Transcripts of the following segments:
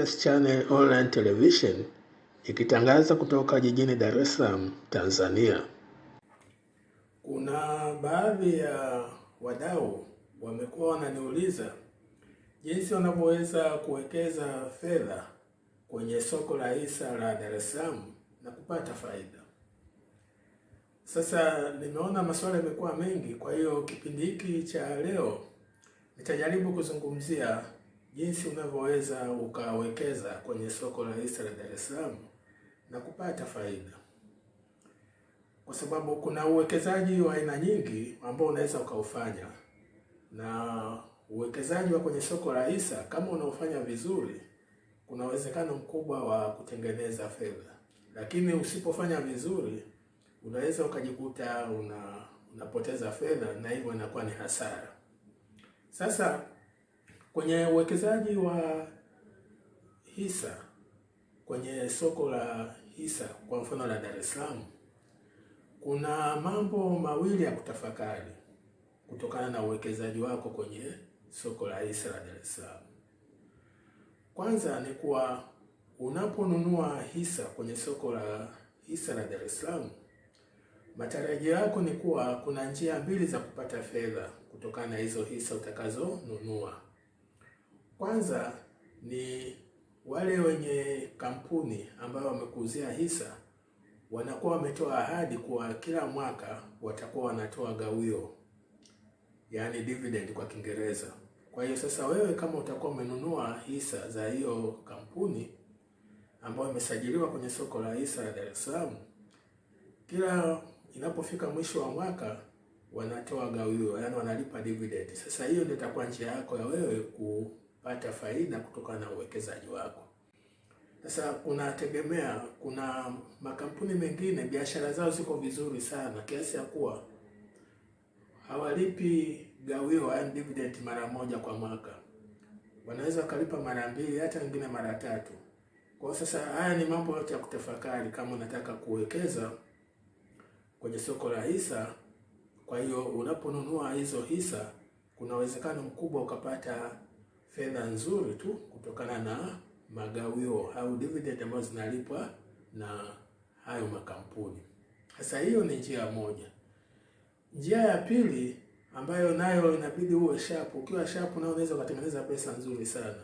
Business Channel Online Television ikitangaza kutoka jijini Dar es Salaam, Tanzania. Kuna baadhi ya wadau wamekuwa wananiuliza jinsi wanavyoweza kuwekeza fedha kwenye soko la hisa la Dar es Salaam na kupata faida. Sasa nimeona masuala yamekuwa mengi, kwa hiyo kipindi hiki cha leo nitajaribu kuzungumzia Jinsi unavyoweza ukawekeza kwenye soko la hisa la Dar es Salaam na kupata faida, kwa sababu kuna uwekezaji wa aina nyingi ambao unaweza ukaufanya, na uwekezaji wa kwenye soko la hisa kama unaofanya vizuri, kuna uwezekano mkubwa wa kutengeneza fedha, lakini usipofanya vizuri, unaweza ukajikuta una unapoteza fedha na hivyo inakuwa ni hasara. Sasa Kwenye uwekezaji wa hisa kwenye soko la hisa kwa mfano la Dar es Salaam, kuna mambo mawili ya kutafakari kutokana na uwekezaji wako kwenye soko la hisa la Dar es Salaam. Kwanza ni kuwa unaponunua hisa kwenye soko la hisa la Dar es Salaam, matarajio yako ni kuwa kuna njia mbili za kupata fedha kutokana na hizo hisa utakazonunua. Kwanza ni wale wenye kampuni ambayo wamekuuzia hisa wanakuwa wametoa ahadi kuwa kila mwaka watakuwa wanatoa gawio, yaani dividend kwa Kiingereza. Kwa hiyo sasa, wewe kama utakuwa umenunua hisa za hiyo kampuni ambayo imesajiliwa kwenye soko la hisa la Dar es Salaam, kila inapofika mwisho wa mwaka wanatoa gawio, yaani wanalipa dividend. Sasa hiyo ndio itakuwa njia yako ya wewe ku pata faida kutokana na uwekezaji wako. Sasa unategemea, kuna makampuni mengine biashara zao ziko vizuri sana kiasi ya kuwa hawalipi gawio, yaani dividend mara moja kwa mwaka, wanaweza wakalipa mara mbili, hata wengine mara tatu. Kwa sasa haya ni mambo yote ya kutafakari kama unataka kuwekeza kwenye soko la hisa. Kwa hiyo unaponunua hizo hisa, kuna uwezekano mkubwa ukapata fedha nzuri tu kutokana na magawio au dividend ambazo zinalipwa na hayo makampuni. Sasa hiyo ni njia moja. Njia ya pili ambayo nayo inabidi uwe sharp. Ukiwa sharp nao unaweza ukatengeneza pesa nzuri sana,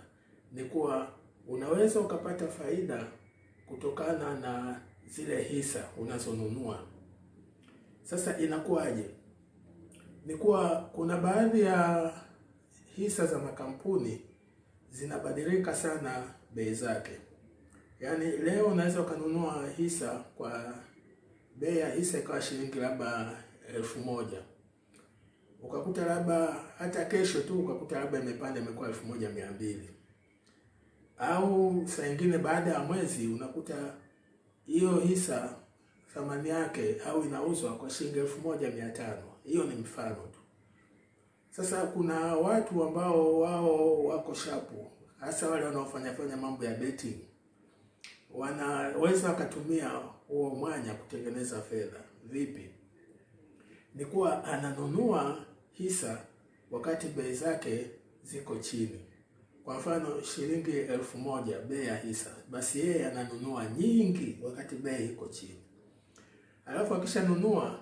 ni kuwa unaweza ukapata faida kutokana na zile hisa unazonunua. Sasa inakuwaje? Ni kuwa kuna baadhi ya hisa za makampuni zinabadilika sana bei zake. Yaani leo unaweza ukanunua hisa kwa bei ya hisa ikawa shilingi labda elfu moja ukakuta labda hata kesho tu ukakuta labda imepanda imekuwa elfu moja mia mbili au saa ingine baada ya mwezi unakuta hiyo hisa thamani yake au inauzwa kwa shilingi elfu moja mia tano. Hiyo ni mfano tu. Sasa kuna watu ambao wao wako shapu, hasa wale wanaofanya fanya mambo ya betting, wanaweza wakatumia huo mwanya kutengeneza fedha. Vipi? Ni kuwa ananunua hisa wakati bei zake ziko chini. Kwa mfano shilingi elfu moja bei ya hisa, basi yeye ananunua nyingi wakati bei iko chini, alafu akishanunua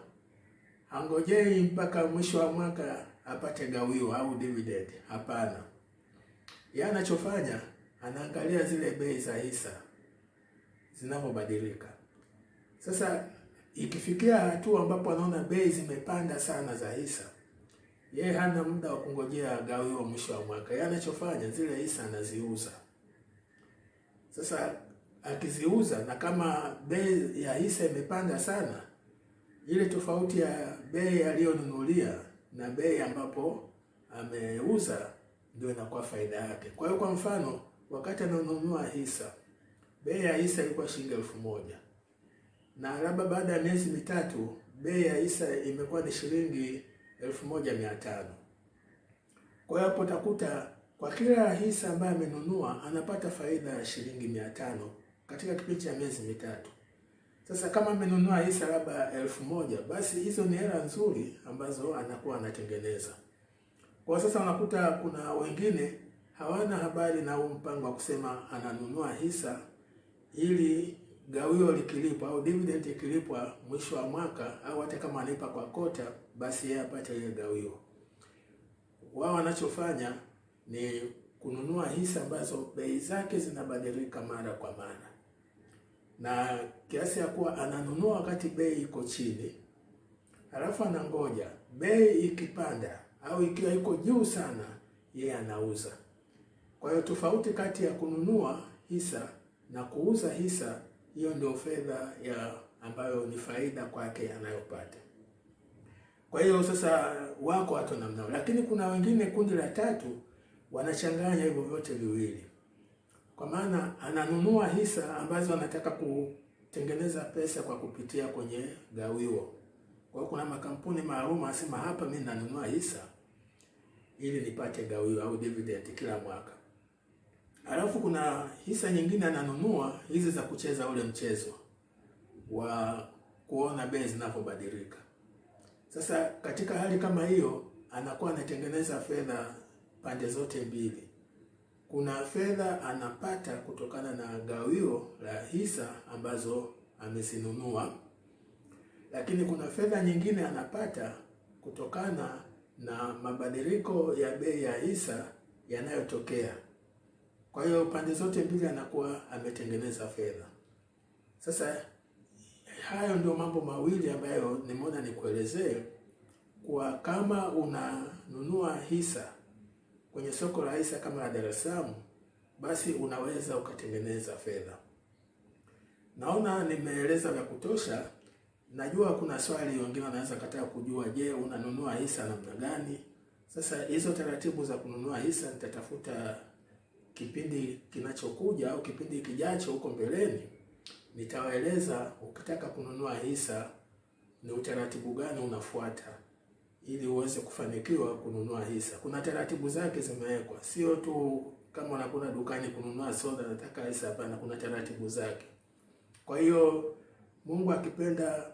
hangojei mpaka mwisho wa mwaka apate gawio au dividend. Hapana, yeye anachofanya anaangalia zile bei za hisa zinavyobadilika. Sasa ikifikia hatua ambapo anaona bei zimepanda sana za hisa, yeye hana muda wa kungojea gawio mwisho wa mwaka. Yeye anachofanya zile hisa anaziuza. Sasa akiziuza, na kama bei ya hisa imepanda sana, ile tofauti ya bei aliyonunulia na bei ambapo ameuza ndio inakuwa faida yake. Kwa hiyo kwa mfano, wakati ananunua hisa, bei ya hisa ilikuwa shilingi elfu moja na labda baada ya miezi mitatu bei ya hisa imekuwa ni shilingi elfu moja mia tano. Kwa hiyo hapo utakuta kwa kila hisa ambayo amenunua anapata faida ya shilingi mia tano katika kipindi cha miezi mitatu. Sasa kama amenunua hisa labda elfu moja basi hizo ni hela nzuri ambazo anakuwa anatengeneza. Kwa sasa unakuta kuna wengine hawana habari na huu mpango wa kusema ananunua hisa ili gawio likilipwa au dividend ikilipwa mwisho wa mwaka au hata kama analipa kwa kota, basi yeye apate ile gawio. Wao wanachofanya ni kununua hisa ambazo bei zake zinabadilika mara kwa mara na kiasi ya kuwa ananunua wakati bei iko chini, halafu anangoja bei ikipanda au ikiwa iko juu sana, yeye anauza. Kwa hiyo tofauti kati ya kununua hisa na kuuza hisa, hiyo ndio fedha ya ambayo ni faida kwake anayopata. Kwa hiyo sasa wako watu namna lakini kuna wengine, kundi la tatu, wanachanganya hivyo vyote viwili kwa maana ananunua hisa ambazo anataka kutengeneza pesa kwa kupitia kwenye gawio. Kwa hiyo kuna makampuni maalum anasema, hapa mimi nanunua hisa ili nipate gawio au dividend kila mwaka. Alafu kuna hisa nyingine ananunua hizi za kucheza ule mchezo wa kuona bei zinapobadilika. Sasa katika hali kama hiyo, anakuwa anatengeneza fedha pande zote mbili kuna fedha anapata kutokana na gawio la hisa ambazo amezinunua, lakini kuna fedha nyingine anapata kutokana na mabadiliko ya bei ya hisa yanayotokea. Kwa hiyo pande zote mbili anakuwa ametengeneza fedha. Sasa hayo ndio mambo mawili ambayo nimeona nikuelezee, kwa kama unanunua hisa kwenye soko la hisa kama la Dar es Salaam, basi unaweza ukatengeneza fedha. Naona nimeeleza vya kutosha. Najua kuna swali wengine wanaweza kataa kujua, je, unanunua hisa namna gani? Sasa hizo taratibu za kununua hisa nitatafuta kipindi kinachokuja au kipindi kijacho huko mbeleni, nitawaeleza ukitaka kununua hisa ni utaratibu gani unafuata ili uweze kufanikiwa kununua hisa. Kuna taratibu zake zimewekwa, sio tu kama unakwenda dukani kununua soda, nataka hisa. Hapana, kuna taratibu zake. Kwa hiyo Mungu akipenda,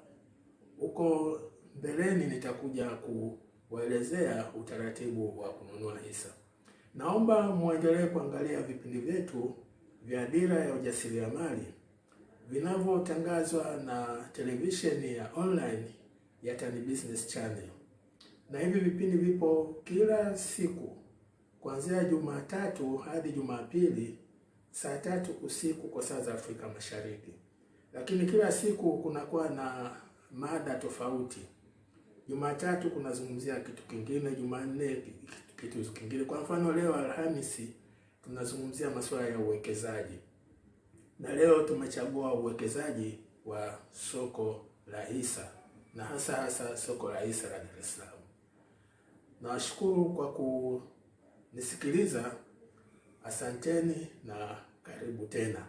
huko mbeleni nitakuja kuwaelezea utaratibu wa kununua hisa. Naomba muendelee kuangalia vipindi vyetu vya Dira ya Ujasiriamali vinavyotangazwa na televisheni ya online ya Tan Business Channel na hivi vipindi vipo kila siku kuanzia Jumatatu hadi Jumapili saa tatu usiku kwa saa za Afrika Mashariki, lakini kila siku kunakuwa na mada tofauti. Jumatatu kunazungumzia kitu kingine, Jumanne kitu kingine. Kwa mfano leo Alhamisi tunazungumzia masuala ya uwekezaji, na leo tumechagua uwekezaji wa soko la hisa na hasa hasa soko la hisa la Dar es Salaam. Nawashukuru kwa kunisikiliza. Asanteni na karibu tena.